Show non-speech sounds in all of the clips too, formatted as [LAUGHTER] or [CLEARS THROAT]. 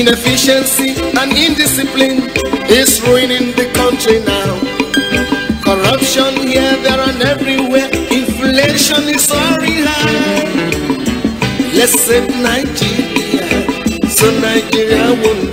Inefficiency and indiscipline is ruining the country now. Corruption here, there, and everywhere. Inflation is soaring high. Let's save Nigeria so Nigeria won't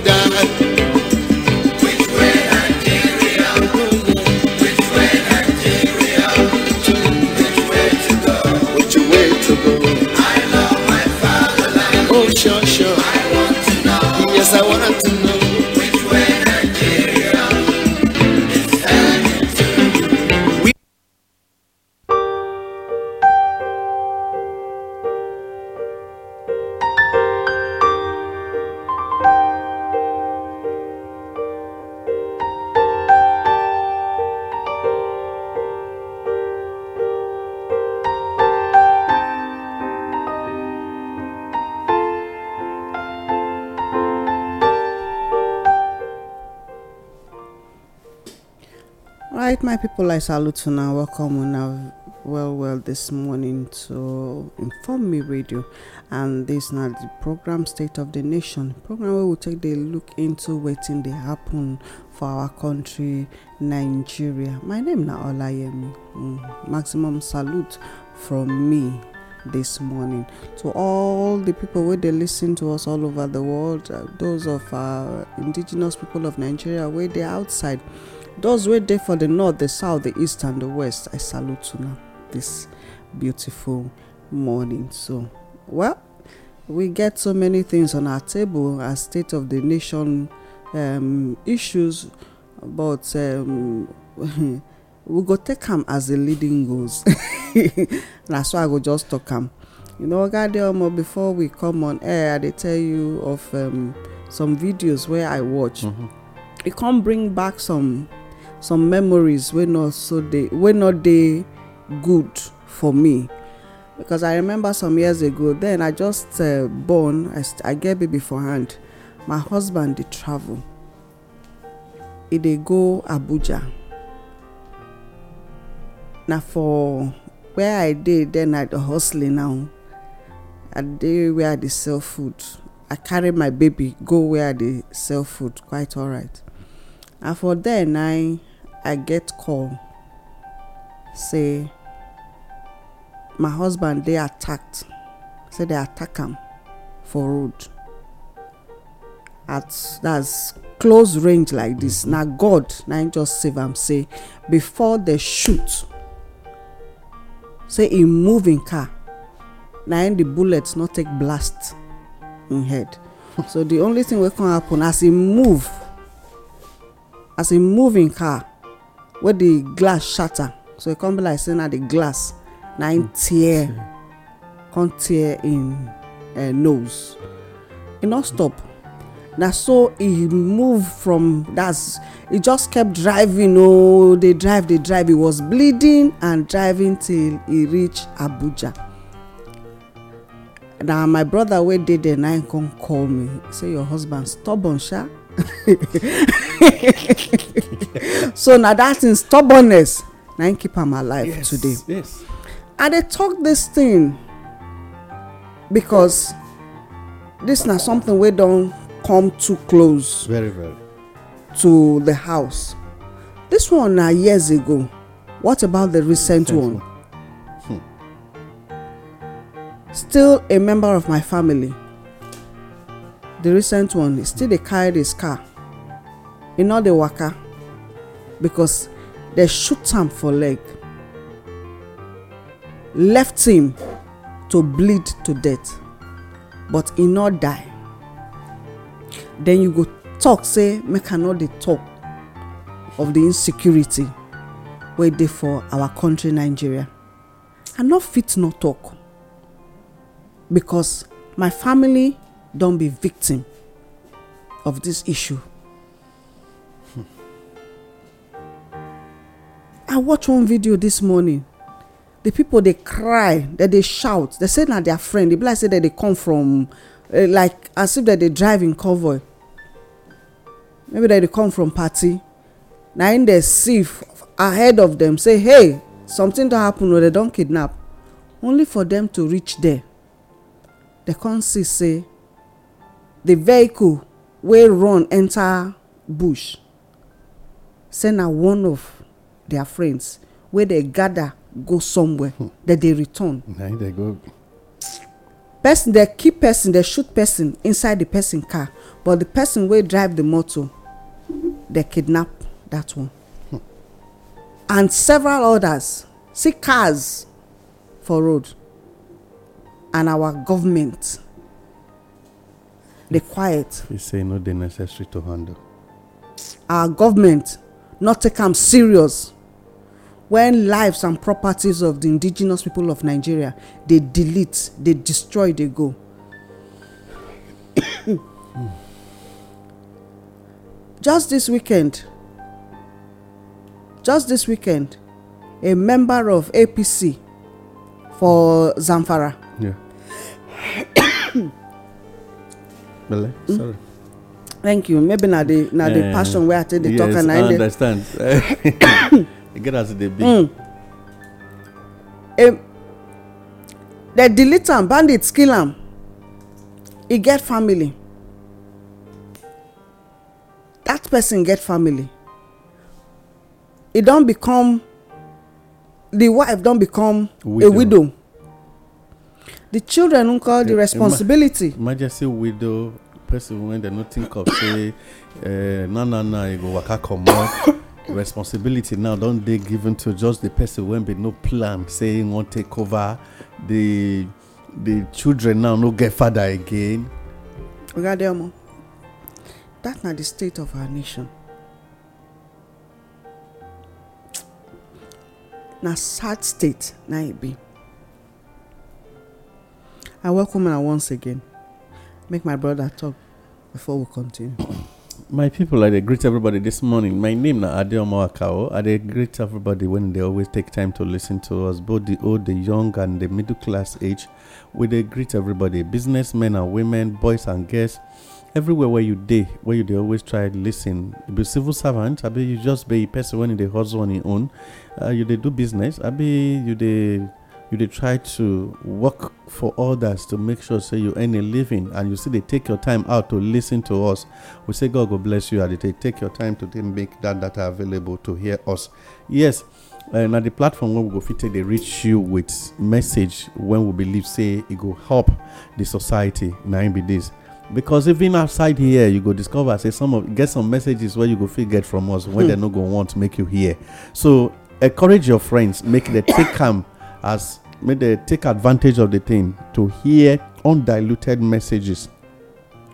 people, I salute you now. Welcome on well, well, this morning to Inform Me Radio, and this now the program State of the Nation program We will take a look into waiting they happen for our country, Nigeria. My name now Olayemi. Mm. Maximum salute from me this morning to all the people where they listen to us all over the world. Uh, those of our indigenous people of Nigeria where they're outside. those wey dey for the north the south the east and the west i salute una this beautiful morning so well we get so many things on our table as state of the nation um, issues but um, [LAUGHS] we go take am as the leading goes na so i go just talk am you know ogade omo before we come on air i dey tell you of um, some videos wey i watch mm -hmm. e come bring back some some memories wey no so dey wey no dey good for me because i remember some years ago then i just uh, born i get baby for hand my husband dey travel e dey go abuja na for where i dey then i dey hustle now i dey where i dey sell food i carry my baby go where i dey sell food quite alright and for there na i get call say my husband dey attacked say they attack am for road at that's close range like this na god na him just save am say before they shoot say him move him car na him the bullet no take blast him head [LAUGHS] so the only thing wey come happen as he move as e move im car wey the glass shatter so e come be like say na the glass na im tear come tear im eh, nose e no stop na so e move from that e just kept driving oh dey drive dey drive e was bleeding and driving till e reach abuja na my brother wey dey there na him come call me say your husband stubborn sha [LAUGHS] so na dat in stubbornness na im keep am alive today yes i dey talk this thing because this na something wey don come too close very very to the house This one na years ago what about the recent one hmm. still a member of my family the recent one still dey carry his car He no dey waka because dem shoot am for leg left him to bleed to death but he no die then you go talk say make i no dey talk of the insecurity wey dey for our country nigeria i no fit no talk because my family Don't be victim of this issue hmm. i watched one video this morning The people they cry that they shout They say na their friend the black, like say dem dey come from eh, like as if that they drive in convoy maybe that they come from party Now in dey see ahead of them say hey something to happen or oh, they don't kidnap only for them to reach there dem come see say the vehicle wey run enter bush say na one of their friends wey dey gather go somewhere dem hmm. dey return go. person dey kill person dey shoot person inside the person car but the person wey drive the motor dey kidnap that one hmm. and several others see cars for road and our government the quiet he say no dey necessary to handle our government not take am serious when lives and properties of the indigenous people of nigeria dey delete dey destroy dey go [COUGHS] just this weekend just this weekend a member of apc for zamfara Yeah. [COUGHS] Bele, hmm? sorry. Thank you. Maybe na the na the passion where I take dey talk and I dey. I understand. E [COUGHS] get as e dey be. Hmm. they delete am, bandits kill am. He get family. That person get family. It e don't become the wife don become a widow the children call the responsibility. emergency widow person wey dem no think of [COUGHS] say na na na e go waka comot [COUGHS] responsibility now don dey given to just the person wey bin no plan say im wan take over the the children now no get father again. ogadeomo that na the state of our nation na sad state na e be. I welcome her once again. Make my brother talk before we continue. [COUGHS] My people, I greet everybody this morning. My name is Adeoma Akao. I greet everybody when they always take time to listen to us, both the old, the young, and the middle class age. We they greet everybody, businessmen and women, boys and girls, everywhere where you day, where you they always try to listen. You be civil servant, I be you just be a person when they hustle on your own. Uh, you they do business, I be you they you dey try to work for others to make sure say you earn a living and you see they take your time out to listen to us we say god will bless you and they take your time to make that data available to hear us yes eh, na the platform where we go fit they reach you with message when we believe say it go help the society na im be this because even outside here you go discover say some of get some messages where you go fit get from us they're hmm. not no go want to make you hear so encourage your friends make the take come as may they take advantage of the thing to hear undiluted messages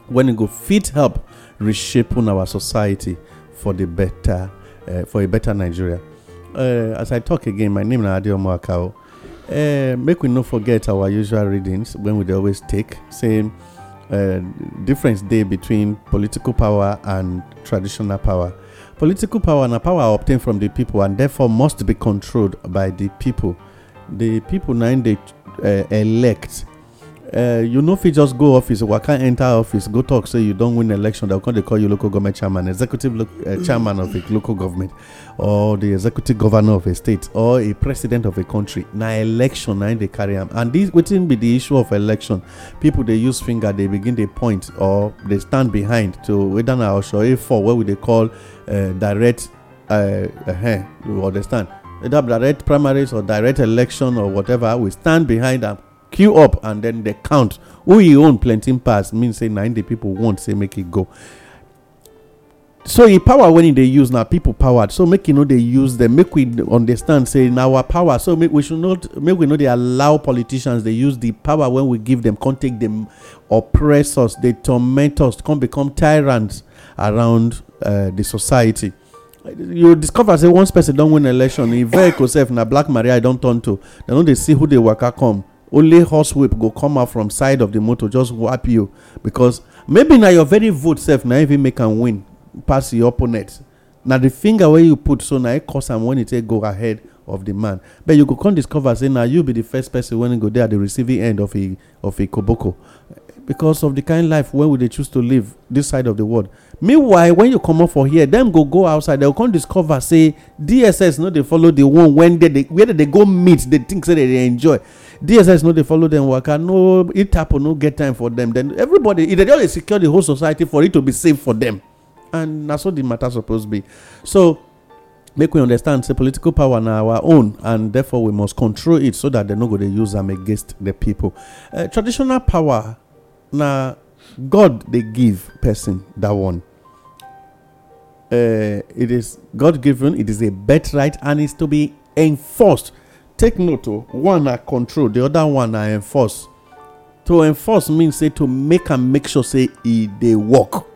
when it go fit help reshaping our society for the better uh, for a better nigeria uh, as i talk again my name na Adio akao uh, make we no forget our usual readings when we always take same uh, difference day between political power and traditional power political power and power obtained from the people and therefore must be controlled by the people the people na dey eh, elect eh, you no fit just go office waka enter office go talk say you don win election dem come dey call you local government chairman executive eh, chairman of a local government or the executive governor of a state or a president of a country na election na im dey carry am and this wetin be the issue of election people dey use finger dey begin dey point or dey stand behind to whether na oshoe for wey we dey call direct uh, uh, you understand either direct primaries or direct election or whatever, we stand behind them, queue up and then they count. Who he own plenty pass means say 90 people won't say make it go. So in power when they use now people powered. So make you know they use them, make we understand say now our power. So make we should not make we know they allow politicians they use the power when we give them, can't take them oppress us, they torment us, can become tyrants around uh, the society. you discover say once person don win election e vex [COUGHS] sef na black maria I don turn to dem no dey see who dey waka come only horse whip go come out from side of the motor just whap you because maybe na your very vote sef na even make am win pass your opponent na the finger wey you put so na e cause am when e take go ahead of the man but you go come discover say na you be the first person wey go dey at the receiving end of a of a koboko because of the kind life wey we dey choose to live this side of the world meanwhile when you comot for here dem go go outside dem come discover say dss no dey follow the one wen where dem dey go meet dey think say dem dey enjoy dss no dey follow dem waka no itapo no get time for dem then everybody e dey just secure the whole society for it to be safe for dem and na so the matter suppose be so make we understand say political power na our own and therefore we must control it so that dem no go dey use am against the people eh, traditional power na god dey give person that one uh, it is God given, it is a birthright, and is to be enforced. Take note, oh, one are control, the other one are enforce. To enforce means say to make and make sure say e they work.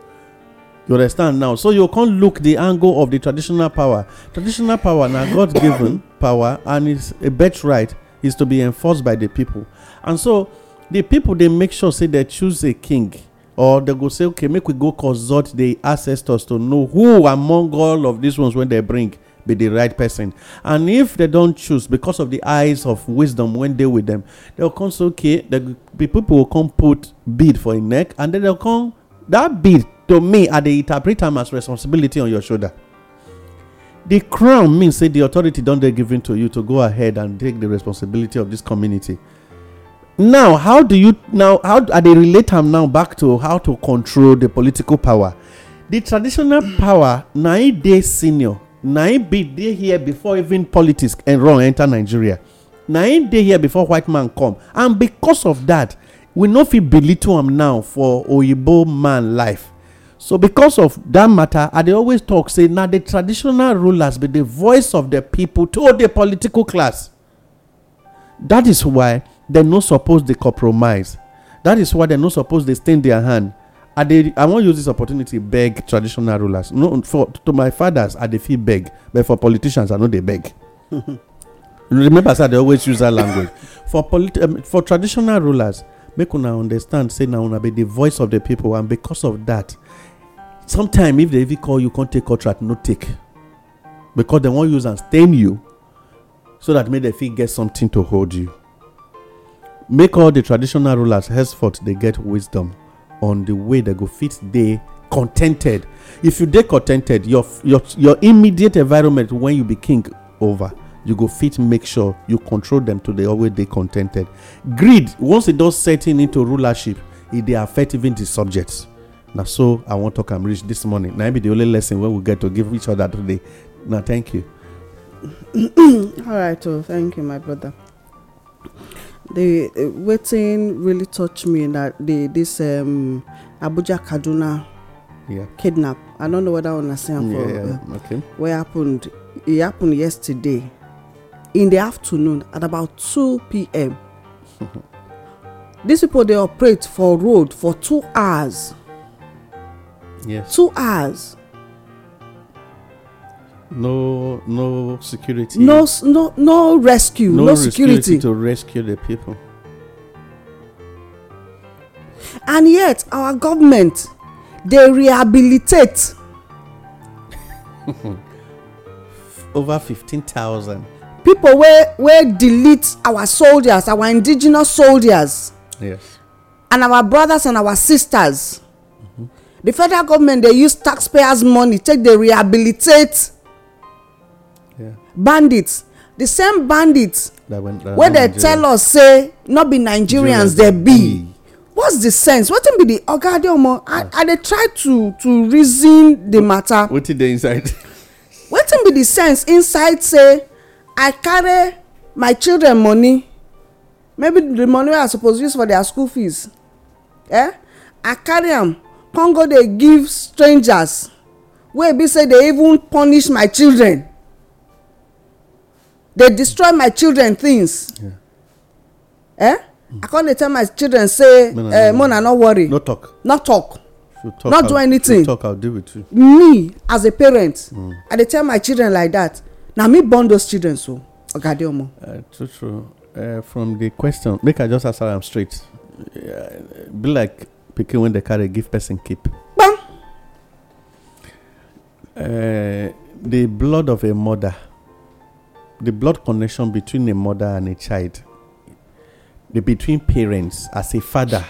You understand now? So you can't look the angle of the traditional power. Traditional power now God given [COUGHS] power and it's a birthright is to be enforced by the people. And so the people they make sure say they choose a king or they go say okay make we go consult the ancestors to know who among all of these ones when they bring be the right person and if they don't choose because of the eyes of wisdom when they with them they'll come say okay the people will come put bead for a neck and then they'll come that bead to me at the interpret am as responsibility on your shoulder the crown means say the authority don dey given to you to go ahead and take the responsibility of this community now how do you now how are they relate am now back to how to control the political power the traditional power na e dey senior na e be dey here before even politics and run enter nigeria na e dey here before white man come and because of that we no fit belittle am now for oyibo man life so because of that matter i dey always talk say na the traditional rulers be the voice of the people to the political class That is why dem no suppose dey compromise that is why dem no suppose dey stain their hand i dey i wan use this opportunity beg traditional rulers no for to my fathers i dey fit beg but for politicians i no dey beg [LAUGHS] remember say i dey always use that language for politi um, for traditional rulers make una understand say na una be the voice of the people, and because of that, sometimes if they even call you come take contract no take because they wan use am stain you so that make they fit get something to hold you make all the traditional rulers henceforth dey get wisdom on the way they go fit dey contented if you dey contented your your your immediate environment when you be king over you go fit make sure you control them to dey always dey contented greed once e don set in into rulership e dey affect even the subjects na so i wan talk am reach this morning na be the only lesson wey we get to give each other today na thank you [COUGHS] all right oh thank you my brother the uh, waiting really touch me That the this um, abuja kaduna yeah. kidnap i don't know whether I want to say. yeah, yeah. okay. what happened It happened yesterday in the afternoon at about 2 pm [LAUGHS] these people they operate for road for two hours yes two hours No, no security. No, no, no rescue. No, no security to rescue the people. And yet, our government, they rehabilitate. [LAUGHS] Over fifteen thousand. people wey wey delete our soldiers our indigenous soldiers. yes. and our brothers and our sisters. Mm -hmm. the federal government dey use taxpayers money take dey rehabilitate bandits the same bandits wey dey tell us say not be nigerians dem be what's the sense wetin be the oga adeomo i ah. dey try to to reason the matter wetin dey inside [LAUGHS] wetin be the sense inside say i carry my children money maybe the money wey i suppose use for their school fees eh i carry am come go dey give strangers wey be say dey even punish my children They destroy my children things eh hmm. i con dey tell my children say eh, mona no worry no talk not talk not do anything Talk, me as a parent hmm. i dey tell my children like that na me born those children so ogadeomo eh, true true eh, from the question make i just answer am straight be like pikin wey dey carry give person keep the blood of a mother the blood connection between a mother and a child, the between parents as a father.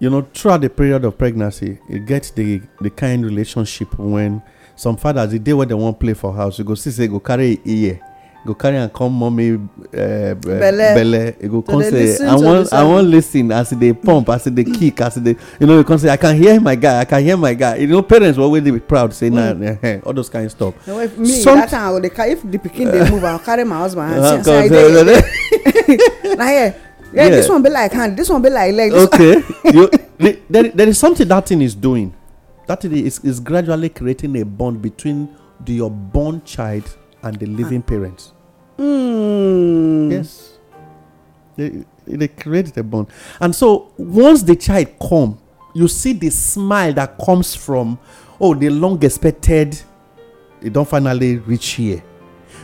You know, throughout the period of pregnancy, it gets the the kind relationship when some fathers the day where they won't play for house, you go see say go carry a year go carry am come mommy belle e go come say i wan listen as e dey pump as e dey kick as e dey you know you come say i can hear my guy i can hear my guy you know parents always dey proud say na mm. eh, eh, all those kind stuff me that time i go dey carry if the pikin dey move i go carry my husband hand ah, say i dey eh, [LAUGHS] na here yeah this one be like hand this one be like leg okay [LAUGHS] there there is something that thing is doing that thing is is gradually creating a bond between your born child and the living ah. parents Mm. Yes. They, they create the bond. And so once the child come, you see the smile that comes from, oh, the long expected, they don't finally reach here.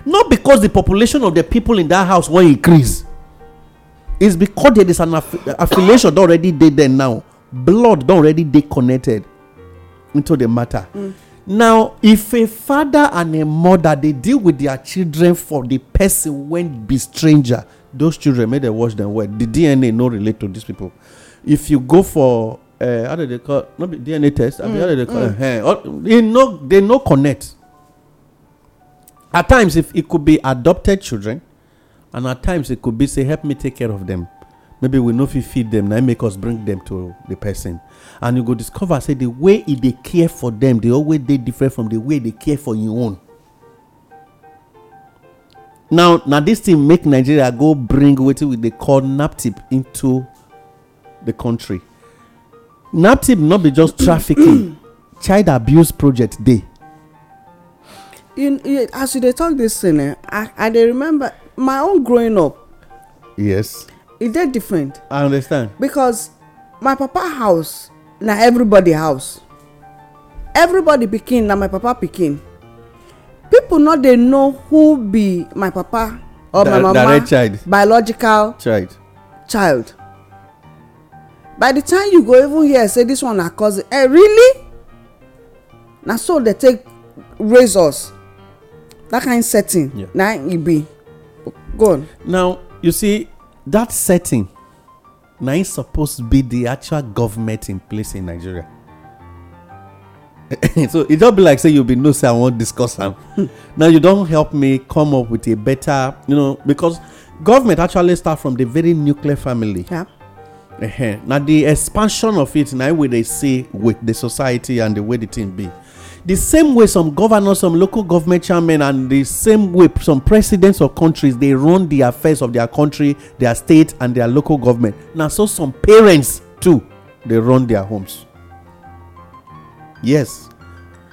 Not because the population of the people in that house will increase. It's because there is an aff- affiliation already there now. Blood already they connected into the matter. Mm now if a father and a mother dey deal with their children for the person wey be stranger those children make dem watch them well the dna no relate to these people if you go for uh, how do they call no be dna test i mean how do they call mm. it mm. Eh, no they no connect at times if it could be adopted children and at times it could be say help me take care of them maybe we no fit feed dem na make us bring them to the person and you go discover say the way e dey care for them, dey always dey different from the way e dey care for im own now na this thing make nigeria go bring wetin we dey call naptip into the country naptip no be just trafficking [COUGHS] child abuse project dey you as you dey talk this thing eh? i i dey remember my own growing up yes e dey different i understand because my papa house na everybody house everybody pikin na my papa pikin people no dey know who be my papa or my mama child biological child child by the time you go even hear say this one na cousin eh really na so dey take raise us that kind setting na e be go on now you see that setting now na supposed to be the actual government in place in nigeria [LAUGHS] so it don't be like say you be no say i won't discuss them. [LAUGHS] now you don't help me come up with a better you know because government actually start from the very nuclear family yeah. Now the expansion of it now we they see with the society and the way the thing be the same way some governors some local government chairmen and the same way some presidents of countries they run the affairs of their country their state and their local government Now, so some parents too they run their homes yes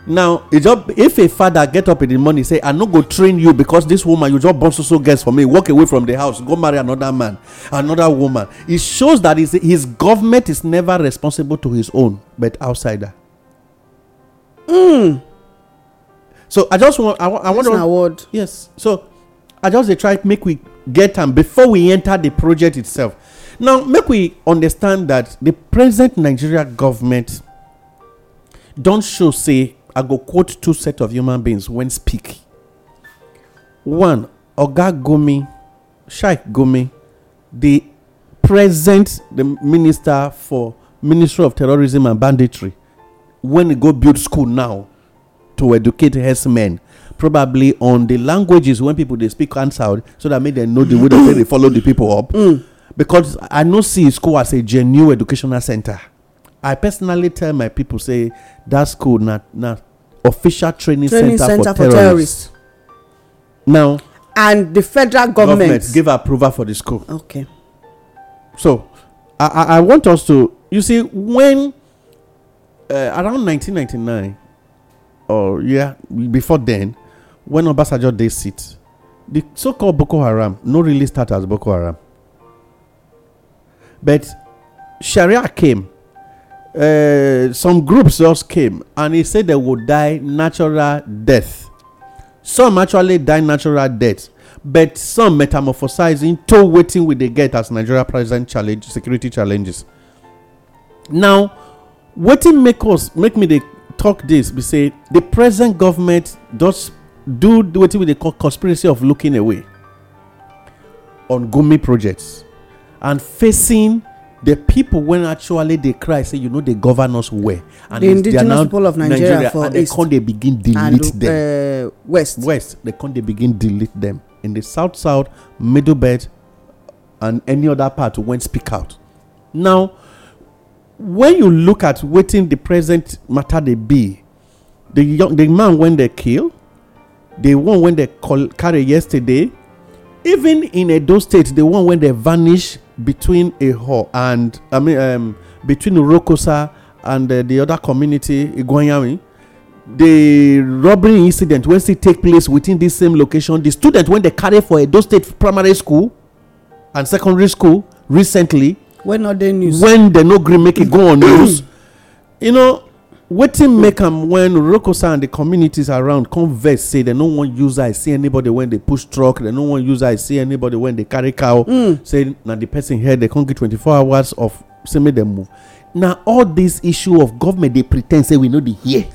now if a father get up in the morning say i no go train you because this woman you just born so so for me walk away from the house go marry another man another woman It shows that his government is never responsible to his own but outsider mm. so i just want i, I want to award yes so i just dey try make we get them before we enter the project itself now make we understand that the present nigeria government don't show say i go quote two set of human beings when speak one oga gomi sheikh gomi the present the minister for ministry of terrorism and banditry when you go build school now to educate men, probably on the languages when people they speak answer so that make dem know the way they take dey follow the people up mm. because i no see school as a genuine educational center i personally tell my people say that school na na official training, training center, center for, for terrorists. terrorists now and the federal government, government give approval for the school okay so i i i want us to you see when uh, around 1999 or yeah before then when obasanjo dey sit the so-called boko haram no really start as boko haram but sharia came uh, some groups just came and he said they would die natural death some actually die natural death but some metamorphosize into wetin we dey get as nigeria present challenge security challenges now wetin make us make me dey talk this? be say the present government just do wetin we dey call conspiracy of looking away on Gumi projects and facing the people when actually they cry say you know they govern us well and the indigenous people of nigeria, nigeria for and they east. can't begin delete and, uh, them uh, west west they come. they begin delete them in the south south middle belt and any other part won't speak out now when you look at wetin the present matter they be the young the man when they kill the one wey dem carry yesterday even in a edo state the one when they vanish between a hall and i mean um, between Rokosa and uh, the other community igwanyami the robbery incident when still take place within this same location the student when they carry for a edo state primary school and secondary school recently when no dey news when dem no gree make e go on [CLEARS THROAT] news you know wetin make am when rokosa and the communities around come vex say dem no wan use eye see anybody wen dey push truck dem no wan use eye see anybody wen dey carry cow mm. say na the person here dem come get four hours of say make dem move na all this issue of government dey pretend say we no dey hear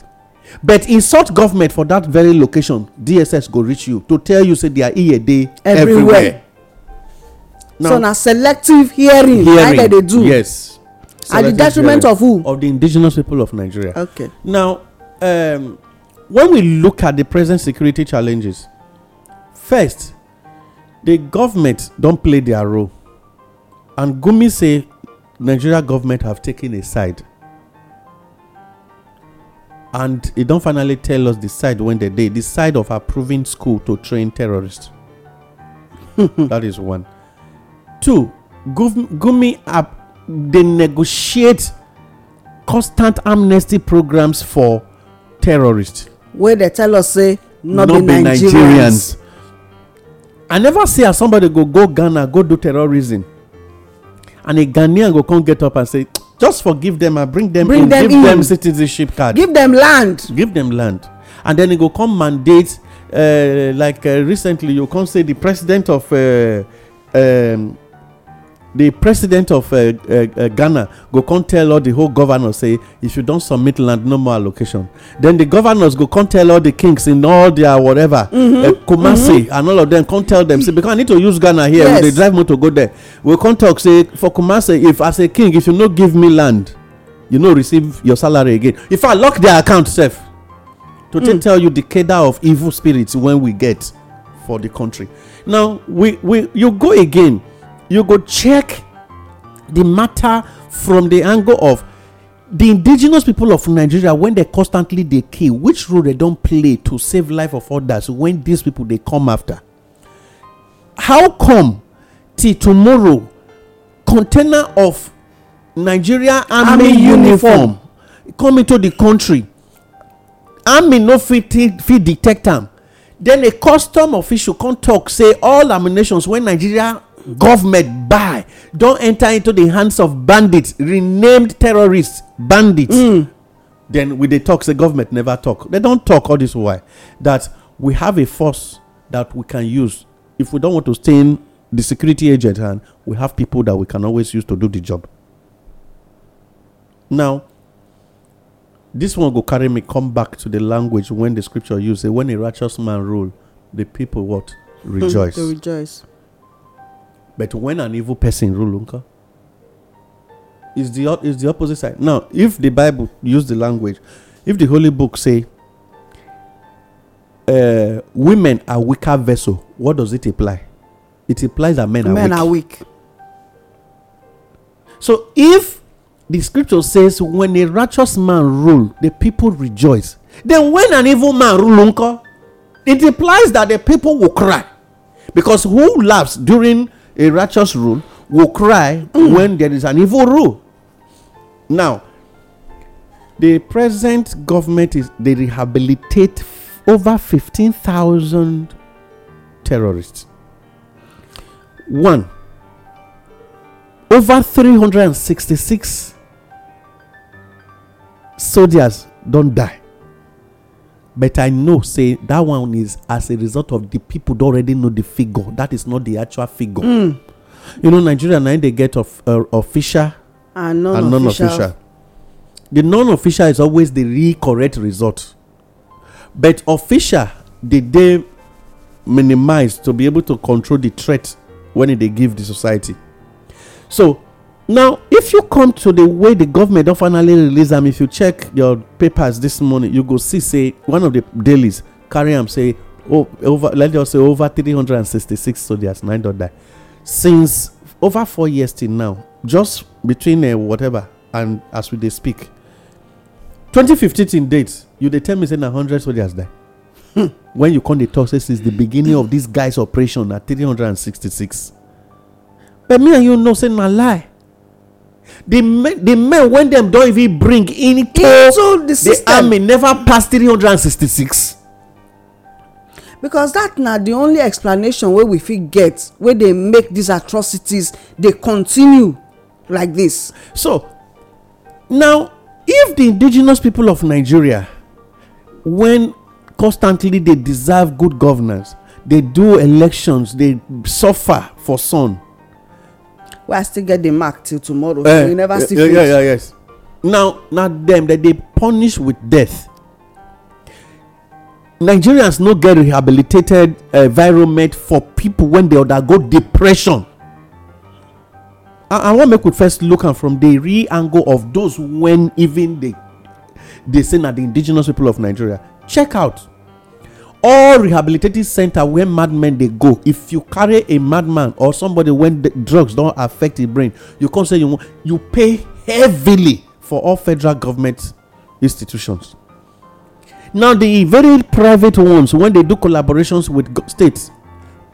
but insult government for that very location dss go reach you to tell you say dia ear dey everywhere so na selective hearing na dem dey do yes at the detriment of who of the indigenous people of nigeria okay now um, when we look at the present security challenges first the government don play their role and gumi say nigeria government have taken a side and e don finally tell us the side wey dem dey the side of approving school to train terrorists [LAUGHS] that is one Two, Gumi app, they negotiate constant amnesty programs for terrorists. wey dey tell us say no be nigerians i never see as somebody go go ghana go do terrorism and a ghanaian go come get up and say just forgive them and bring dem in give them citizenship card give them land give them land and then e go come mandate uh, like uh, recently you come say the president of uh, um, the president of uh, uh, uh, ghana go come tell all the whole governors say if you don submit land no more allocation then the governors go come tell all the kings in all their whatever uh, mm-hmm. Mm-hmm. kumasi and all of them come tell them say because i need to use ghana here we dey drive motor go there we come talk say for kumasi if as a king if you no give me land you no receive your salary again if i lock their account sef to take mm. tell you the cadre of evil spirits when we get for the country now we we you go again you go check the matter from the angle of the indigenous people of nigeria when they constantly dey kill which role they don play to save life of others? When these people dey come after how come till tomorrow container of nigeria army uniform come into the country army no fit detect am den a custom official come talk say all ammunitions wey nigeria government buy don enter into the hands of bandits renamed terrorists bandits mm. then we dey talk say government never talk they don talk all this while that we have a force that we can use if we don want to stay in the security agent hand we have people that we can always use to do the job now this one go carry me come back to the language when the scripture use say when a righteous man rule the people what rejoice. [LAUGHS] Mm, they rejoice. But when an evil person rule, Uncle, is the is the opposite side. Now, if the Bible use the language, if the Holy Book say, uh, "Women are weaker vessel," what does it apply? It implies that men, men are Men are weak. So if the scripture says, "When a righteous man rule, the people rejoice," then when an evil man rule, Uncle, it implies that the people will cry, because who laughs during a righteous rule will cry mm. when there is an evil rule. Now, the present government is they rehabilitate f- over 15,000 terrorists. One, over 366 soldiers don't die but i know say that one is as a result of the people don already know the figure that is not the actual figure mm. you know nigeria na dey get of uh, official and non-official the non-official is always the real correct result but official dey dey minimized to be able to control the threat when e dey give the society so now if you come to the way the government don finally release am if you check your papers this morning you go see say one of the dailies carry am say oh, over let us say over three hundred 366 soldiers nine don die since over four years till now just between eh, whatever and as we dey speak fifteen till date you dey tell me say na 100 soldiers die hmm. when you come dey talk say since the beginning of this guys operation na six but me and you know say na lie the men the men wey dem don even bring into, into the, the army never pass three hundred and sixty-six. because dat na the only explanation wey we fit get wey dey make these atrocities dey continue like this. so now if the indigenous people of nigeria wen constantly dey deserve good governance dey do elections dey suffer for sun wey i still get the mark till tomorrow uh, so eh, you never eh, see finish. Yeah, yeah, yes. now na dem dem dey punish with death nigerians no get rehabilitated environment for people when dey undergo depression i wan make we first look am from the real angle of those when even dey say na the indigenous people of nigeria check out all rehabilitative center where madmen dey go if you carry a madman or somebody when drugs don affect him brain you come say you you pay heavily for all federal government institutions now the very private ones when they do collaborations with states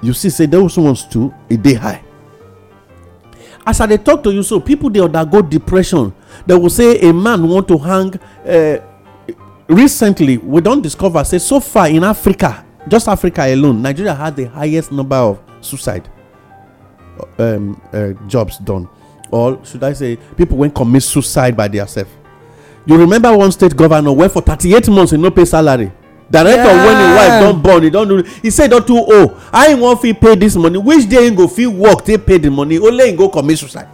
you see say those ones too e dey high as i dey talk to you so people dey undergo depression They go say a man want to hang eh, recently we don discover say so far in africa just africa alone nigeria has the highest number of suicide uh, um, uh, jobs done or should i say people wey commit suicide by themselves you remember one state governor wey for thirty-eight months he no pay salary director when him wife don born he don do he say don too old how him wan fit pay this money which day him go fit work take pay the money only him go commit suicide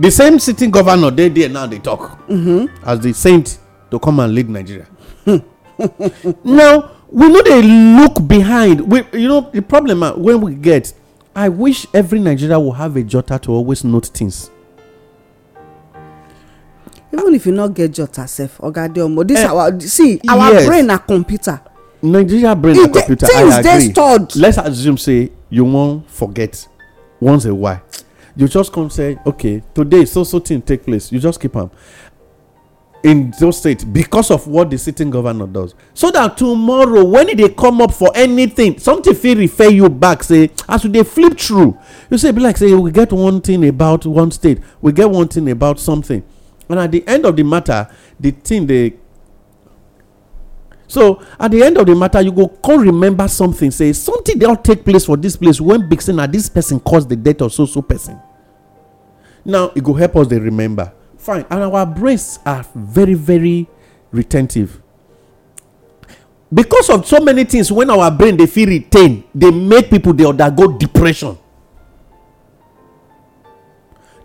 the same sitting governor dey there now dey talk mm-hmm. as the saint to come and lead nigeria [LAUGHS] now we no dey look behind we you know the problem na uh, when we get i wish every nigeria would have a jotter to always note things even if you no get jotter sef oga adeomo this eh, our see our brain na computer nigeria brain na computer i agree let's assume say you wan forget once a while you just come say okay today so so thing take place you just keep am in those states because of what the sitting governor does so that tomorrow when they come up for anything something fit refer you back say as they flip through you say be like say we get one thing about one state we get one thing about something and at the end of the matter the thing they so at the end of the matter you go come remember something say something dey all take place for this place when big say this person caused the death of so so person now it e go help us dey remember fine and our brains are very very retentive because of so many things when our brain dey feel retained, dey make people dey undergo depression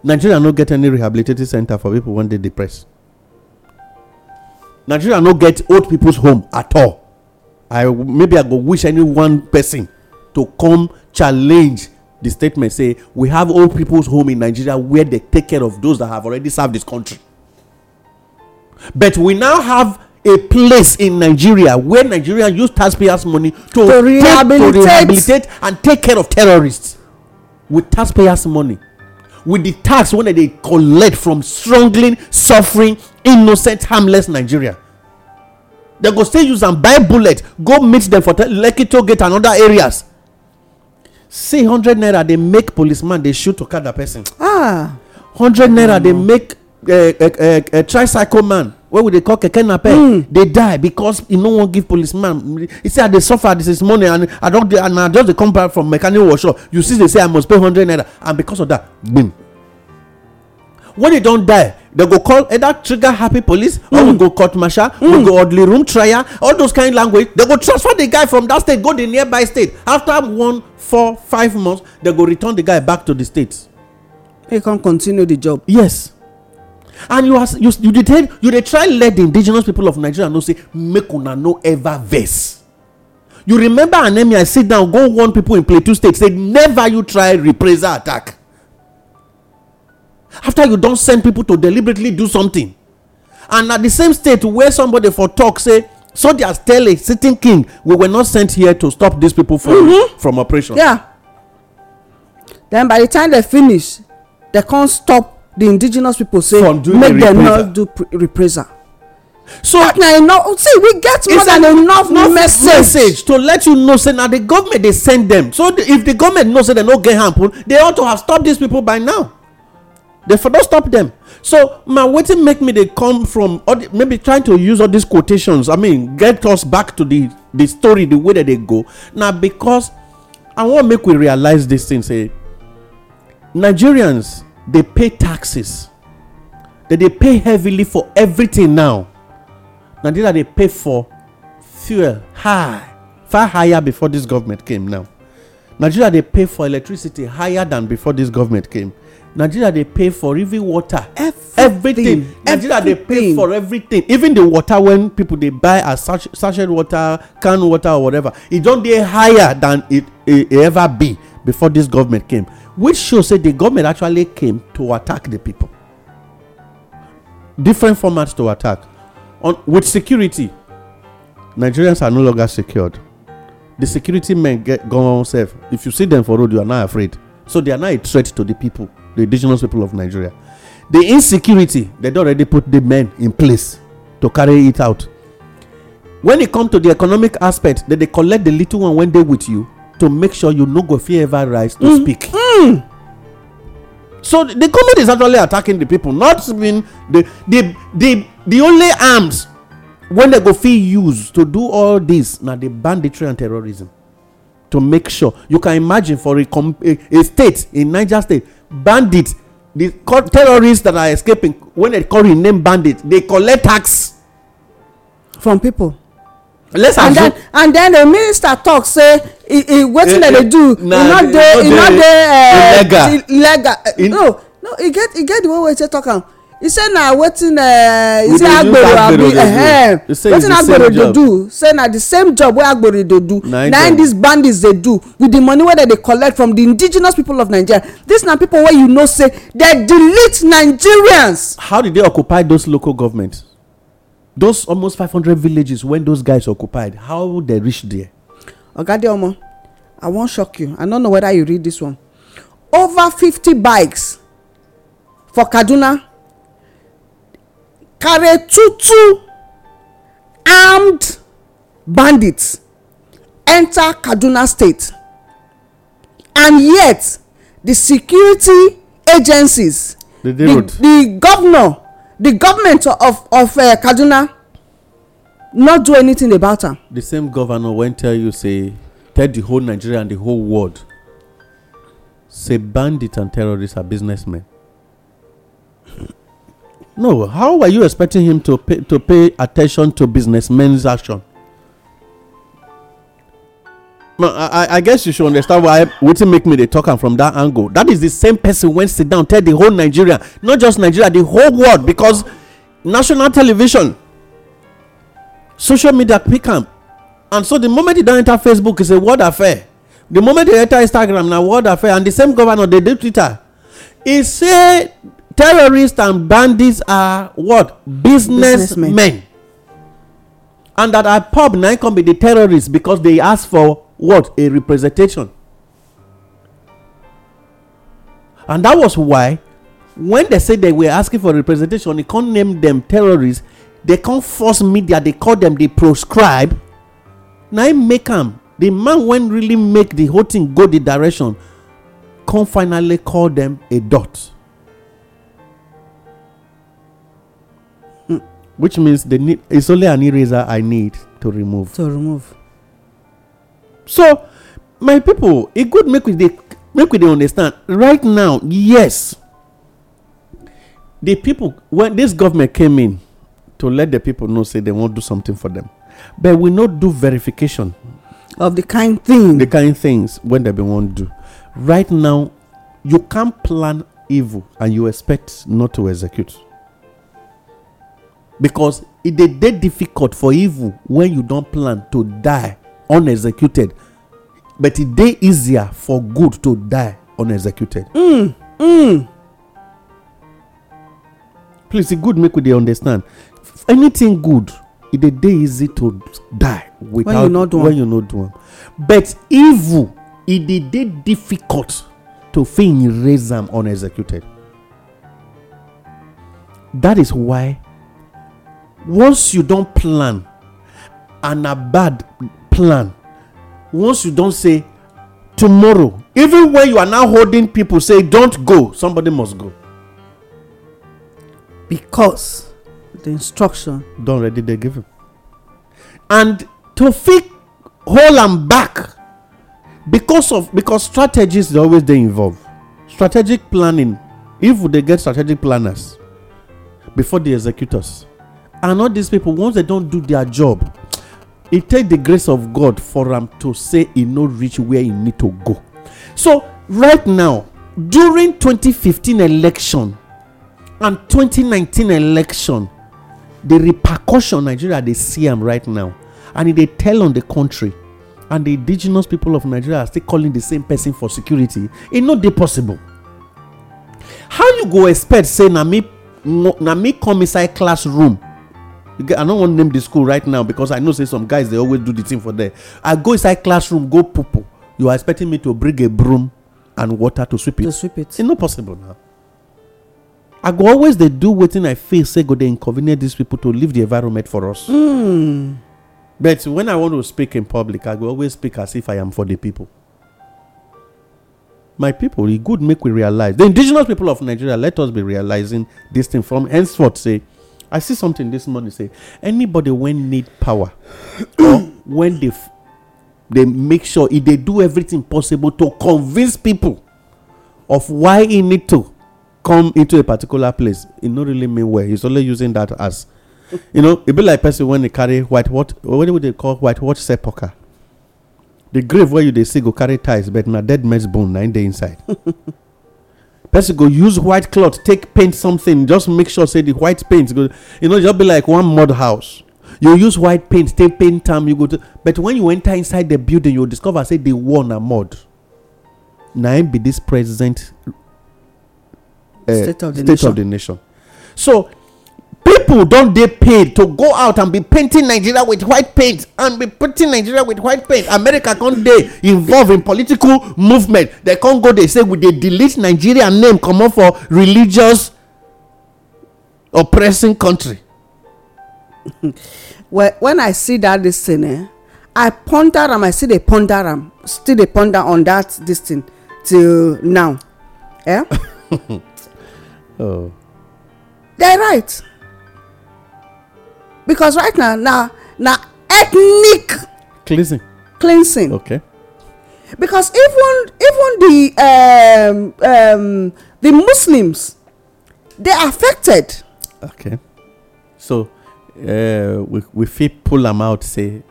nigeria no get any rehabilitative center for people wey dey depressed nigeria no get old people's home at all i maybe i go wish any one person to come challenge the statement say we have old people's home in nigeria where they take care of those that have already served this country but we now have a place in nigeria where Nigeria use taxpayers money to, to, rehabilitate. Take, to rehabilitate and take care of terrorists with taxpayers money with the tax wey dey collect from struggling suffering innocent harmless nigeria dem go still use am buy bullet go meet dem for lekki toll gate and other areas See, hundred naira dey make policeman dey shoot okada person ah hundred naira dey mm. make eh, eh, eh, tricycle man wey we dey call keke napep dey mm. die because e no wan give policeman e say i dey suffer this is money and i don and i just dey come back from mechanic workshop you see they say i must pay hundred naira and because of that boom when e don die they go call either trigger happy police or we mm. go court martial we go orderly room trial all those kind language They go transfer the guy from that state go the nearby state after one four five months they go return the guy back to the states. he can continue the job yes and you as you you dey you dey try let the indigenous people of nigeria know say make una no ever vex you remember anemia sit down go warn people in plateau state say never you try reprisal attack after you don send people to deliberately do something and na the same state where somebody for talk say so they are still a sitting king we were not sent here to stop these people from mm-hmm. from operation. yeah then by the time they finish they come stop the indigenous people say make them not do pre- reprisal. so that na enough see we get more than enough, enough message. message to let you know say na the government dey send them so the, if the government know say dem no get happen they ought to have stopped these people by now. They for don stop them. so ma wetin make me they come from maybe trying to use all these quotations i mean get us back to the the story the way that they go now. because i want to make we realize this thing say eh. nigerians they pay taxes dem they pay heavily for everything now Now these are they pay for fuel high far higher before this government came now nigeria dey pay for electricity higher than before this government came nigeria dey pay for even water everything nigeria dey pay for everything even the water when people dey buy as sachet water can water or whatever e don dey higher than it ever be before this government came which show say the government actually came to attack the people. different formats to attack on with security nigerians are no longer secured the security men get gun on self if you see them for road you are now afraid so they are now a threat to the people the indigenous people of nigeria the insecurity they don already put the men in place to carry it out when e come to the economic aspect dem dey collect the little one wey dey with you to make sure you no go fit ever rise to mm-hmm. speak so the government is actually attacking the people not even the the the the only arms wey dem go fit use to do all this na the banditry and terrorism to make sure you can imagine for a a state in niger state bandits the terrorists that are escaping when they call him name bandits they collect tax from people. let's assume and then the minister talk. say wetin eh, eh, dem eh, dey do e no dey illegal no no e get e get the way wey say talk am Uh, say na wetin uh, say agbero abi wetin agbero dey do say na the same job wey agbero dey do na im these bandits dey do with the money wey dem dey collect from the indigenous people of nigeria these na people wey you know say dey delete nigerians. how did they occupy those local governments those almost five hundred villages when those guys occupied how they reach there. oga Omo, i wan shock you i no know whether you read this one over fifty bikes for kaduna carry two two armed bandits enter kaduna state and yet the security agencies the the governor the government of of uh, kaduna not do anything about am. the same governor wen tell you say tell the whole nigeria and the whole world say bandits and terrorists are businessmen No, how were you expecting him to pay, to pay attention to businessmen's action? No, I, I guess you should understand why wouldn't make me the talk from that angle. That is the same person when sit down tell the whole Nigeria, not just Nigeria, the whole world, because national television, social media pick up, and so the moment he don't enter Facebook, is a world affair. The moment he enter Instagram, now world affair, and the same governor they do Twitter. He say terrorists and bandits are what businessmen men, and that our pub na come be the terrorists because they ask for what a representation and that was why when they say they were asking for representation they can't name them terrorists they can't force media they call them they proscribe na him make am the man when really make the whole thing go the direction come finally call them a dot. which means the need it's only an eraser I need to remove. To remove. So, my people, it could make we they make we they understand right now. Yes, the people when this government came in to let the people know say they won't do something for them, but we not do verification of the kind thing. The kind things when they won't do. Right now, you can't plan evil and you expect not to execute because it is dey dey difficult for evil when you don plan to die unexecuted but e dey easier for good to die unexecuted mm, mm. please e good make we dey understand anything good e dey dey easy to die without when you no do am but evil e dey dey difficult to fit raise am unexecuted that is why once you don plan and na bad plan once you don say tomorrow even when you are now holding people say don't go somebody must go because the instruction don ready dey give him and to fit hold am back because of because strategies dey always dey involved strategic planning if we dey get strategic planners before the executors and all these people once they don do their job e take the grace of god for am to say e no reach where e need to go so right now during 2015 election and 2019 election the repercussion nigeria dey see am right now and e dey tell on the country and the indigenous people of nigeria are still calling the same person for security e no dey possible how you go expect say na me na me come inside classroom i no wan name the school right now because i know say some guys they always do the thing for there i go inside classroom go poopoo you are expecting me to bring a broom and water to sweep it to sweep it It's not possible now. i go always they do wetin i feel say go they inconvenience these people to leave the environment for us mm. but when i want to speak in public i go always speak as if i am for the people my people it e good make we realize the indigenous people of nigeria let us be realizing this thing from henceforth say I see something this morning say anybody when need power [CLEARS THROAT] or when they f- they make sure if they do everything possible to convince people of why he need to come into a particular place, it e not really mean where he's only using that as [LAUGHS] you know, it e be like person when they carry white what what would they call white what sepulchre. The grave where you they see go carry ties, but my dead man's bone na in the inside. [LAUGHS] person go use white cloth take paint something just make sure say the white paint go you know just be like one mud house you use white paint take paint am you go to but when you enter inside the building you discover say the wall na mud na im be this present uh, state, of the, state of the nation so people don dey paid to go out and be painting nigeria with white paint and be painting nigeria with white paint america con dey involved in political movement dem con go dey say we dey delete nigeria name comot for religious oppressing country [LAUGHS] well when i see dat dis thing eh i ponder am i still dey ponder am still dey ponder on dat dis thing till now eh [LAUGHS] oh they right because right now now, now, ethnic cleansing cleansing okay because even even the um, um, the muslims they are affected okay so uh, we we pull them out say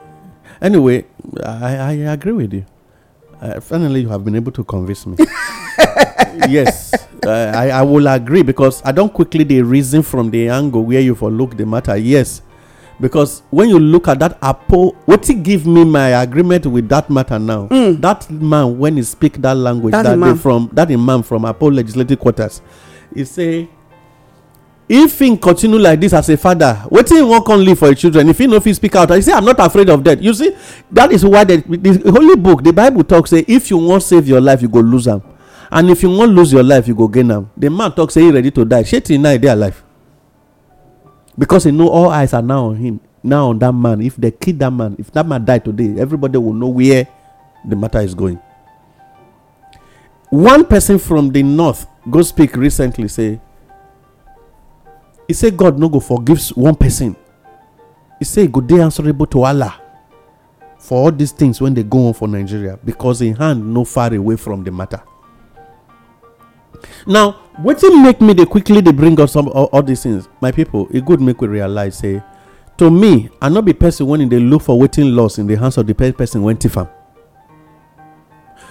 anyway i i agree with you uh, finally you have been able to convince me [LAUGHS] yes uh, i i will agree because i don't quickly the reason from the angle where you for look the matter yes because when you look at that apo he give me my agreement with that matter now mm. that man when he speak that language that, that day from that imam from apo legislative quarters he say if he continue like this as a father wetin he wan come leave for his children if he no fit speak out he say i'm not afraid of death you see that is why the, the holy book the bible talk say if you wan save your life you go lose am and if you wan lose your life you go gain am the man talk say he ready to die shey till now he dey alive because he know all eyes are now on him now on that man if they kill that man if that man die today everybody will know where the matter is going one person from the north go speak recently say he say god no go forgive one person he say good day answerable to allah for all these things when they go on for nigeria because in hand no far away from the matter now wetin make me dey quickly dey bring up some all these things my people e good make we realize say to me i no be person wey dey look for wetin loss in the hands of the person wey thief am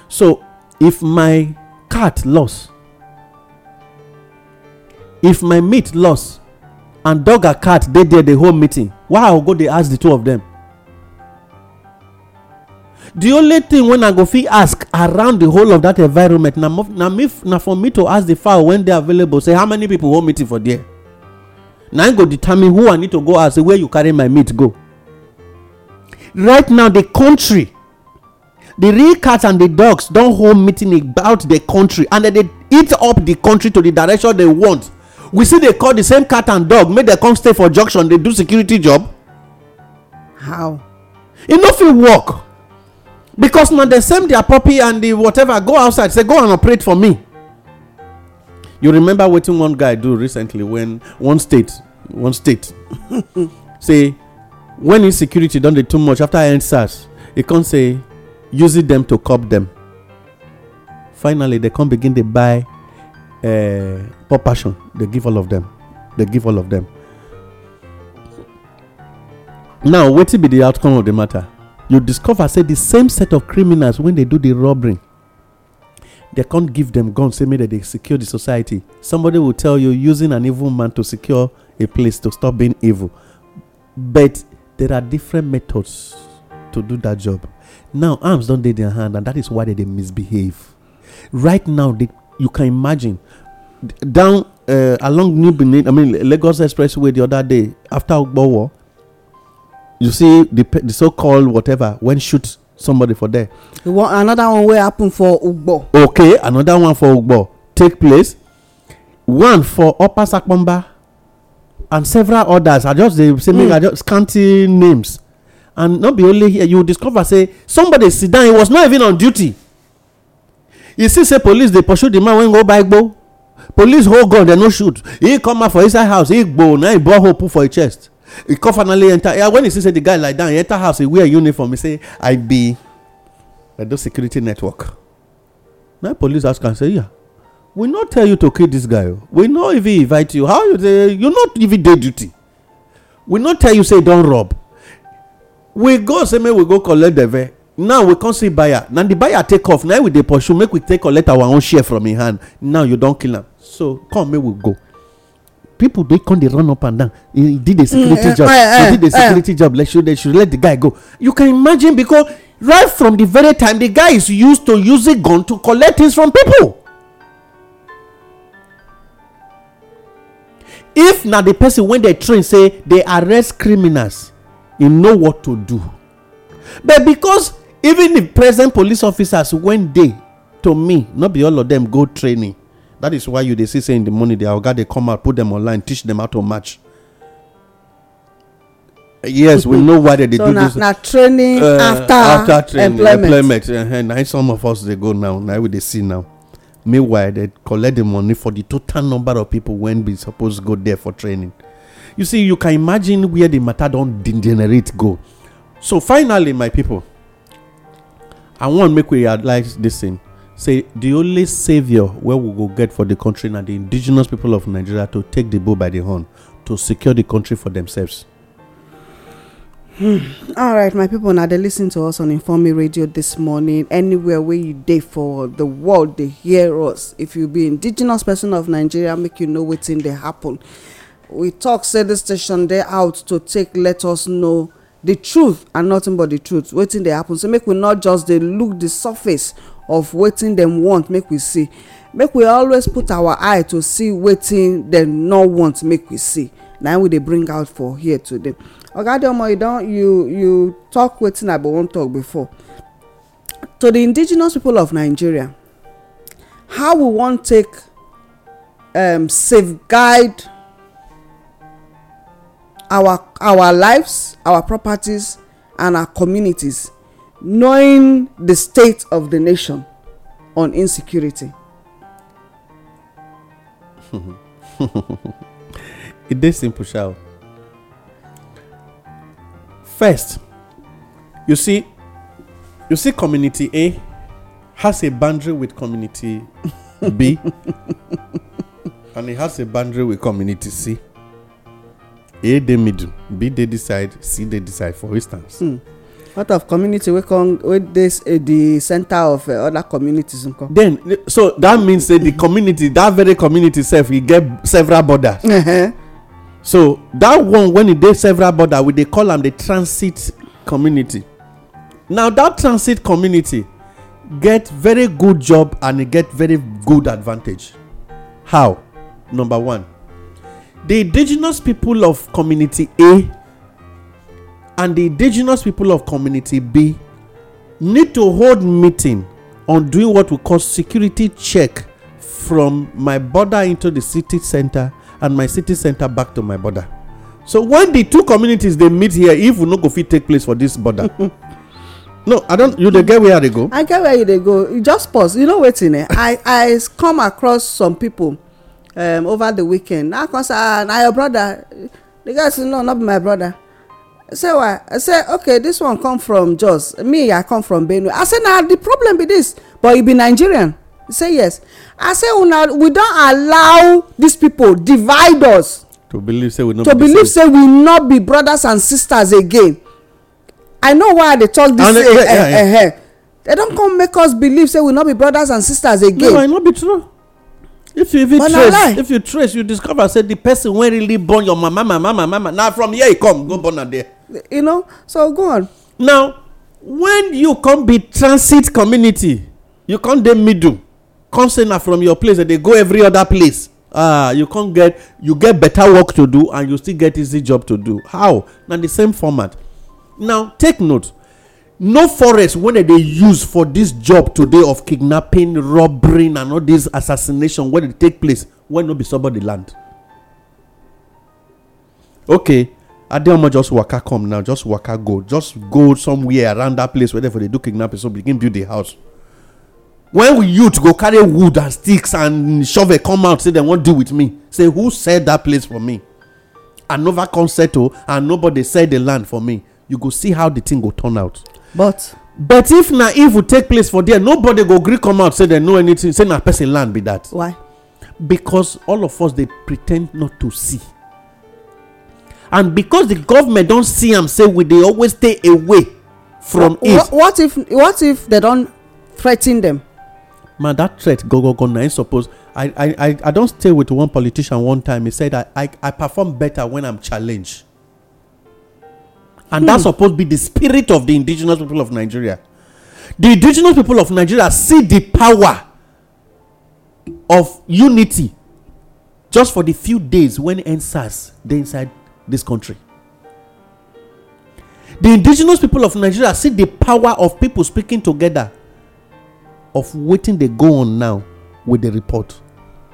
so if my cat loss if my meat loss and dog and cat dey there the whole meeting why i go dey ask the two of them the only thing when i go fit ask around the whole of that environment na na for me to ask the fowl when dey available say how many people hold meeting for there na I go determine who i need to go ask say where you carry my meat go right now the country the real cats and the dogs don hold meeting about the country and they dey eat up the country to the direction they want we still dey call the same cat and dog make they come stay for junction dey do security job how e no fit work because na dem send their puppy and the whatever go outside say go and operate for me you remember wetin one guy do recently when one state one state [LAUGHS] say when insecurity don dey too much after end sars e come say using dem to cop dem finally dem come begin dey buy uh, eh, poor passion dey give all of dem dey give all of dem now wetin be di outcome of di matter you discover say the same set of criminals when they do the robbery they can't give them guns say make they secure the society somebody will tell you using an evil man to secure a place to stop being evil but there are different methods to do that job now arms don't dey their hand and that is why they dey misbehave right now they, you can imagine down uh, along new benin i mean lagos expressway the other day after ogbowo you see the the so-called whatever when shoot somebody for there. One, another one wey happen for Ugbo. Okay, another one for Ugbo take place. One for Upper Sakpomba and several others. I just dey say make hmm. I just scanty names and not be only here you discover say somebody sit down he was not even on duty. You see say police dey pursue the man wey go buy igbo police hold gun dem no shoot he come out for inside house he gbo na he borehole put for him chest he come finally enter yeah, when he see say the guy lie down he enter house he wear uniform he say i be edo security network na police ask am say yeah we no tell you to kill this guy oh. we no even invite you how you dey you no even dey duty we no tell you say don rob we go say make we go collect the debe now we come see buyer na the buyer take off na we dey pursue make we take collect our own share from him hand now you don kill am so come make we go people dey come they run up and down he did a security job he did a security job Let should they should let the guy go you can imagine because right from the very time the guy is used to using gun to collect things from people if now the person when they train say they arrest criminals e know what to do but because even the present police officers when they to me not be all of them go training that is why you dey see say in the morning their oga dey come out put them online teach them how to match yes we know why they dey do this so na training uh, after employment na uh-huh. some of us dey go now na we dey see now meanwhile they collect the money for the total number of people wey be suppose go there for training you see you can imagine where the matter don degenerate go so finally my people i wan make we realize this thing say the only savior where we go get for the country and the indigenous people of nigeria to take the bull by the horn to secure the country for themselves. Hmm. all right my people, now they listen to us on informe radio this morning anywhere where you day for the world they hear us if you be indigenous person of nigeria make you know what's in the happen we talk, say the station there out to take let us know the truth and nothing but the truth in the happen so make we not just they look the surface of wetin dem want make we see make we always put our eye to see wetin dem no want make we see na im we dey bring out for here today oga adeomo you don you you talk wetin i bin wan talk before to di indigenous people of nigeria how we wan take um, safeguard our our lives our properties and our communities knowing the state of the nation on insecurity. [LAUGHS] it dey simple sha first you see you see community a has a boundary with community b [LAUGHS] and it has a boundary with community c a dey middle b dey decide c dey decide for instance. Mm lot of community wey come wey dey eh, the center of eh, other communities nko. then so that means say the community that very community sef e get several borders. Uh-huh. so that one when e dey several borders we dey call am the transit community now that transit community get very good job and e get very good advantage how number one the indigenous people of community a and the indigenous people of community B need to hold meeting on doing what we call security check from my border into the city center and my city center back to my border. So when the two communities they meet here, if we no go fit take place for this border. [LAUGHS] no, I don't you they get where they go. I get where they go. You just pause. You know waiting. Eh? I I come across some people um, over the weekend. Now I ah, now your brother. The guy said, No, not my brother say why i say okay This one come from jos me i come from benue i say na the problem be this. but e be nigerian say yes i say we don allow these people divide us to believe say we not be brothers and sisters again i know why i dey talk dis eh, eh eh eh eh dem don come make us believe say we not be brothers and sisters again no e no be true if you even trace if you trace you discover say the person wey really born your mama mama mama na from here he come go born am there. you know so go on. now when you come be transit community you come dey middle come say na from your place dem dey go every other place ah you come get you get better work to do and you still get easy job to do how na the same format now take note no forest wey dem dey use for dis job today of kidnapping robbering and all dis assassination wey dey take place wey no be somebody land okay adeoma just waka come now just waka go just go somewhere around dat place where dem for dey do kidnapping so begin build di house wen youth go carry wood and sticks and shovel come out say dem wan deal with me say who sell dat place for me i nova come settle and nobody sell di land for me you go see how di thing go turn out but but if na evil take place for there nobody go gree come out say dem know anything say na person land be that why because all of us dey pretend not to see and because the government don see am say we dey always stay away from it what if what if dem don threaten dem man that threat go go go na him suppose i i i don stay with one politician one time he said i i i perform better when i'm challenged and mm. that's hmm. supposed to be the spirit of the indigenous people of nigeria the indigenous people of nigeria see the power of unity just for the few days when nsars dey inside this country the indigenous people of nigeria see the power of people speaking together of wetin dey go on now with the report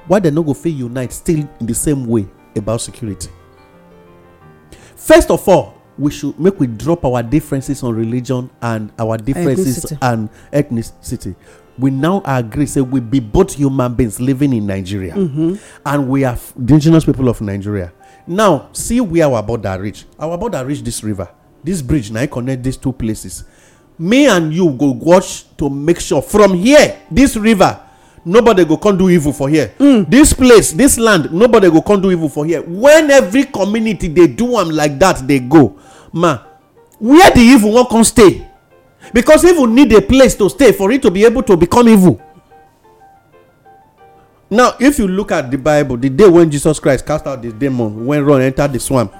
why dem no go fit unite still in the same way about security first of all we should make we drop our differences on religion and our differences ethnicity. and ethnicity we now agree say we be both human beings living in nigeria mm-hmm. and we are indigenous people of nigeria now see where our border reach our border reach this river this bridge now connect these two places me and you go watch to make sure from here this river nobody go come do evil for here. Mm. this place this land nobody go come do evil for here when every community dey do am like that dey go man where the evil wan come stay because evil need a place to stay for it to be able to become evil now if you look at the bible the day when jesus christ cast out the demon when run enter the swamp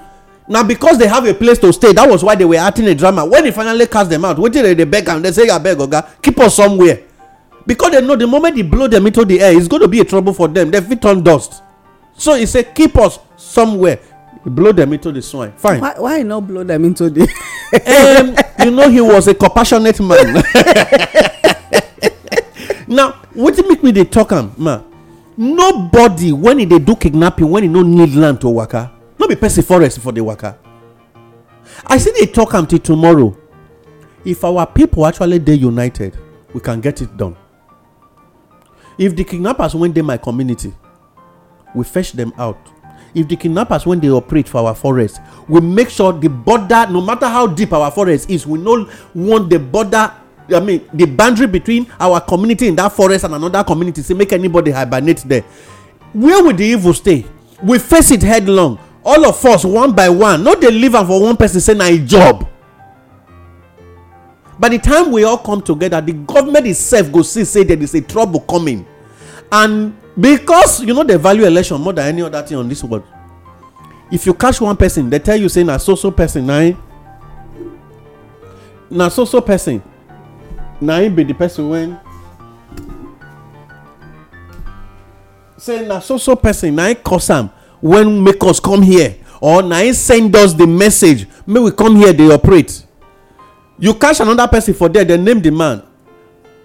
na because they have a place to stay that was why they were acting a drama when he finally cast them out wetin dem dey beg am they say abeg oga keep us somewhere because they know the moment he blow them into the air it's going to be a trouble for them. They fit turn dust so he say keep us somewhere blow them into the soil fine why, why not blow them into the [LAUGHS] um, you know he was a compassionate man [LAUGHS] now wetin make me dey talk am ma nobody when e dey do kidnapping when e no need land to waka no be person forest for dey waka i still dey talk am till tomorrow if our people actually dey united we can get it done if the kidnappers wey dey my community we fetch them out if the kidnappers when they operate for our forest we make sure the border no matter how deep our forest is we no want the border i mean the boundary between our community in that forest and another community say make anybody hibernate there where will the evil stay we face it headlong all of us one by one no dey leave am for one person say na him job by the time we all come together the government itself go see say there is a trouble coming and because you know they value election more than any other thing on this world if you catch one person they tell you say na so so person na him na so so person na him be the person wen say na so so person na him cause am wen make us come here or na him send us the message make we come here dey operate you catch another person for there dem name the man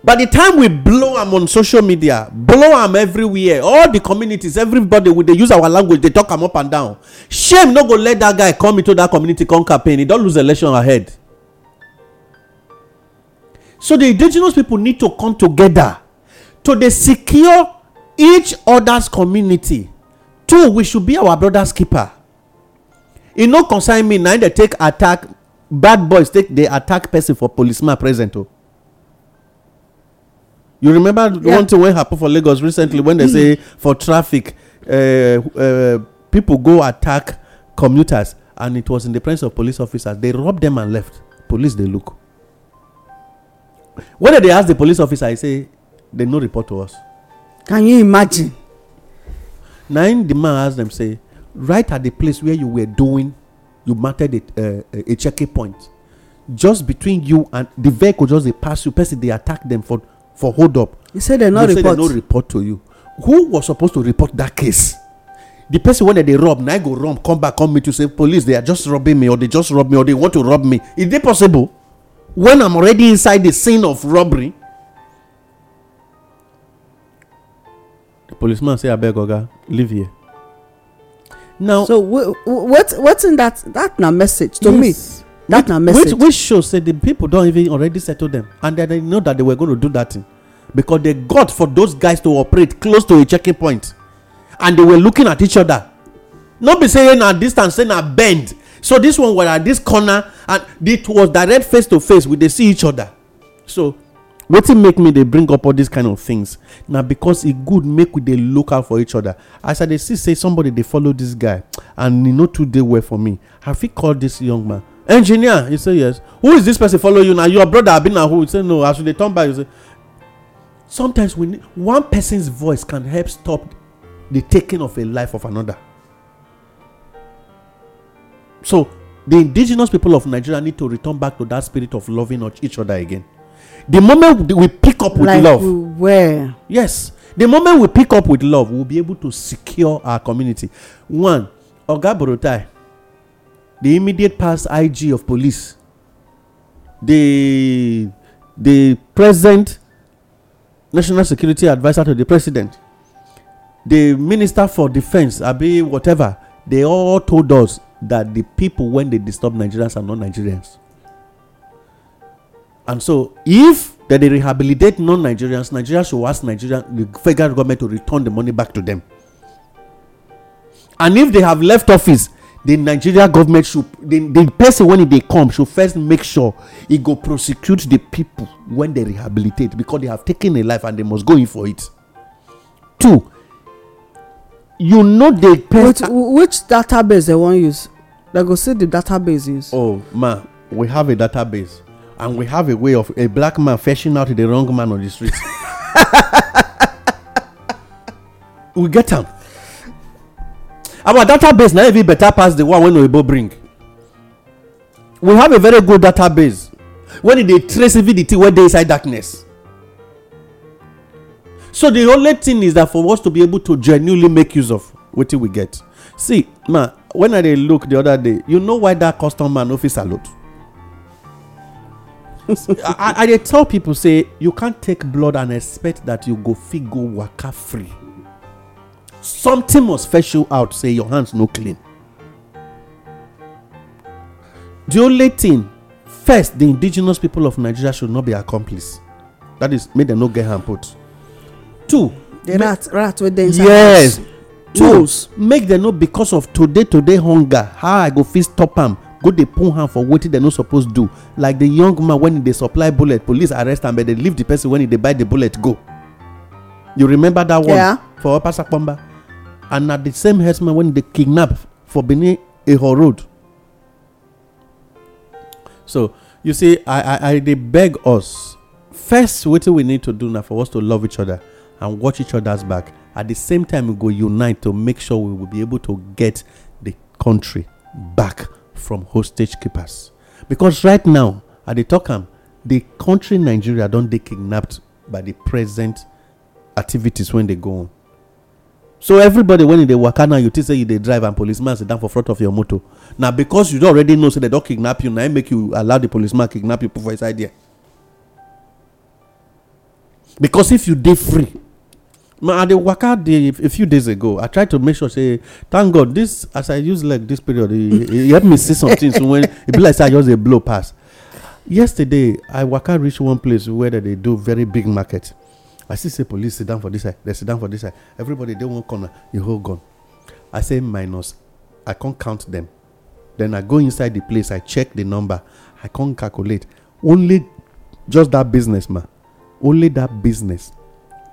by the time we blow am on social media blow am everywhere all the communities everybody we dey use our language dey talk am up and down shame no go let that guy come into that community come campaign he don lose election ahead so the indigenous people need to come together to dey secure each other's community two we should be our brothers keeper e no concern me na im dey take attack bad boys take dey attack person for policeman present o oh you remember yeah. one thing wey happen for lagos recently when they hmm. say for traffic uh, uh, people go attack commuters and it was in the presence of police officers they robbed them and left police dey look when they ask the police officer he say they no report to us. can you imagine. na him the man ask them say right at the place where you were doing you mounted a, uh, a checking point just between you and the vehicle just dey pass you person dey attack them for for hold up he say dem no report say dem no report to you who was supposed to report that case the person wey dem dey rob na go run come back come meet you say police they are just robbing me or they just rob me or they want to rob me e dey possible when i'm already inside the scene of robbery the policeman say abeg oga leave here now so what wetin that that na message to me that na message which show say the people don even already settle them, and then dey know that they were going to do that thing because they got for those guys to operate close to a checking point and they were looking at each other no be say na distance say na bend so this one were at this corner and it was direct face to face we dey see each other so wetin make me dey bring up all these kind of things na because e good make we dey look out for each other as i dey see say somebody dey follow this guy and e no too dey well for me i fit call this young man engineer he say yes who is this person follow you na your brother abi na who he say no as you dey turn back you say sometimes we need one person's voice can help stop the taking of a life of another so the indigenous people of nigeria need to return back to that spirit of loving each other again the moment we pick up with like love we were. yes the moment we pick up with love we'll be able to secure our community one oga borotai the immediate past IG of police, the the present national security Adviser to the president, the minister for Defence, Abi whatever, they all told us that the people when they disturb Nigerians are non Nigerians. And so if that they rehabilitate non-Nigerians, Nigerians should ask Nigerian the federal government to return the money back to them. And if they have left office, the nigeria government should the the person when they come should first make sure e go prosecute the people when they rehabilitate because they have taken a life and they must go in for it two you know the person which database they wan use they go see the database use oh ma we have a database and we have a way of a black man fetching out the wrong man on the street [LAUGHS] we get am our database na even better pass the one wey oyibo bring we have a very good database when e dey trace even the thing wey dey inside darkness so the only thing is that for us to be able to genuinely make use of wetin we get see ma when i dey look the other day you know why that customer no fit salute [LAUGHS] i i dey tell people say you can't take blood and expect that you go fit go waka free something must first show out say your hands no clean the only thing first the indigenous people of nigeria should not be accomplice that is make them no get hand put two the rat rat wey dey inside yes two make them no because of today today hunger how i go fit stop am go dey put hand for wetin dem no suppose do like the young man when he dey supply bullet police arrest am but dem leave the person when he dey buy the bullet go you remember that one yeah. for upper sapamba and at the same herdsmen when they kidnap for Benin Eho Road. So you see, I, I, I they beg us first what we need to do now for us to love each other and watch each other's back. At the same time, we go unite to make sure we will be able to get the country back from hostage keepers. Because right now, at the Tokam, the country Nigeria don't they kidnapped by the present activities when they go on. so everybody wen e dey waka now you think say you dey drive and policeman sit down for front of your motor na because you don already know say dem don kidnap you na im make you allow the policeman kidnap you put for inside there because if you dey free ma i dey waka dey a few days ago i try to make sure say thank god this as i use leg this period e, e, e help me see some things [LAUGHS] when e be like say i just dey blow pass yesterday i waka reach one place where dem dey do very big market I see say police sit down for this side, they sit down for this side. Everybody they won't corner, you hold gun. I say minus. I can't count them. Then I go inside the place, I check the number, I can't calculate. Only just that businessman. Only that business.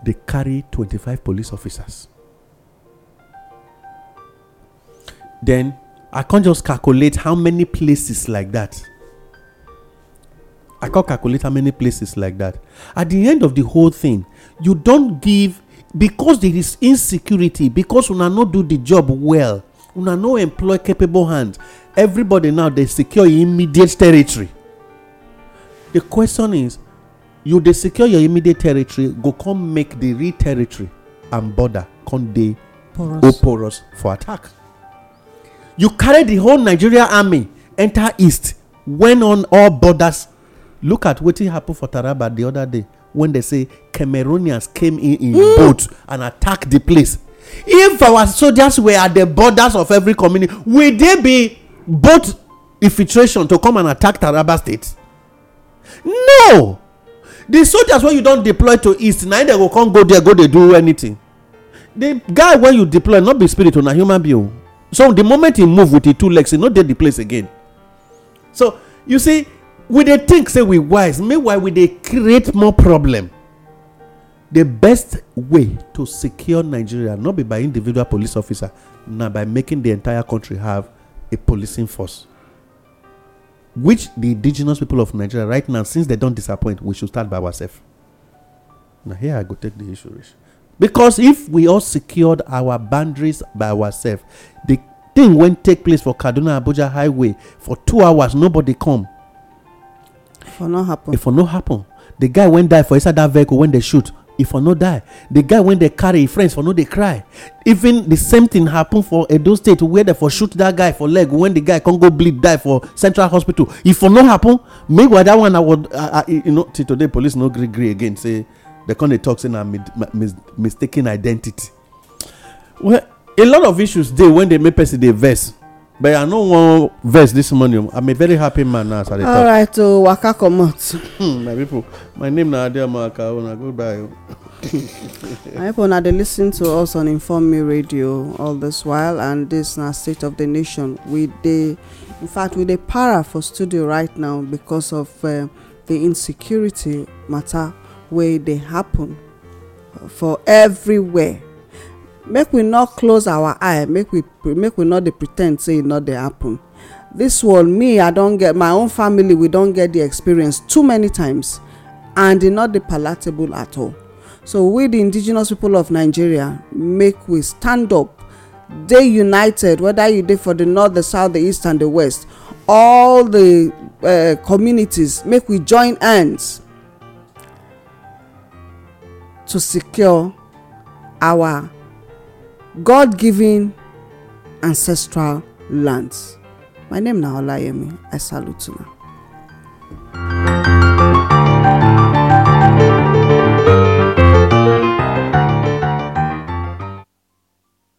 They carry 25 police officers. Then I can't just calculate how many places like that. I can't calculate how many places like that. At the end of the whole thing, you don give because there is insecurity because una no do the job well una no employ capable hands. everybody now dey secure your immediate territory the question is you dey secure your immediate territory go come make the real territory and border come dey porous for attack you carry the whole nigeria army enter east when on all borders look at wetin happen for taraba the other day when they say Cameroonians came in in mm. boats and attacked the place. If our soldiers were at the borders of every community, would they be boat infiltration to come and attack Taraba State? No! The soldiers wey you don deploy to east na they go come go there go dey do anything. The guy wey you deploy no be spirit o oh, na human being oh. So the moment he move with him two legs he no dey the place again. So you see we dey think say we wise meanwhile we dey create more problem the best way to secure nigeria not be by individual police officer na by making the entire country have a policing force which the indigenous people of nigeria right now since they don disappoint we should start by ourselves Now here i go take the issue reach because if we all secured our boundaries by ourselves the thing wey take place for kaduna abuja highway for two hours nobody come for no happen e for no happen the guy wen die for inside that vehicle wen dey shoot e for no die the guy wen dey carry him friends for no dey cry even the same thing happen for edo state where dem for shoot that guy for leg when the guy come go bleed die for central hospital e for no happen make why that one i would you know till today police no gree gree again say dem come dey talk say na mistaken identity well a lot of issues dey when dey make person dey vex but i no wan vex this morning i'm a very happy man now as i dey talk. alright o waka comot. Hmm, my people my name na adeoma akawo oh, na goodbye o. Oh. my people na dey lis ten to us on inform me radio all this while and this na state of the nation we dey in fact we dey para for studio right now because of uh, the insecurity matter wey dey happen for everywhere make we not close our eye make we make we not dey pretend say e no dey happen this one me i don get my own family we don get the experience too many times and e no dey palatable at all so we the indigenous people of nigeria make we stand up dey united whether you dey for the north the south the east and the west all the uh, communities make we join hands to secure our God given ancestral lands. My name na Olayemi. I salute you.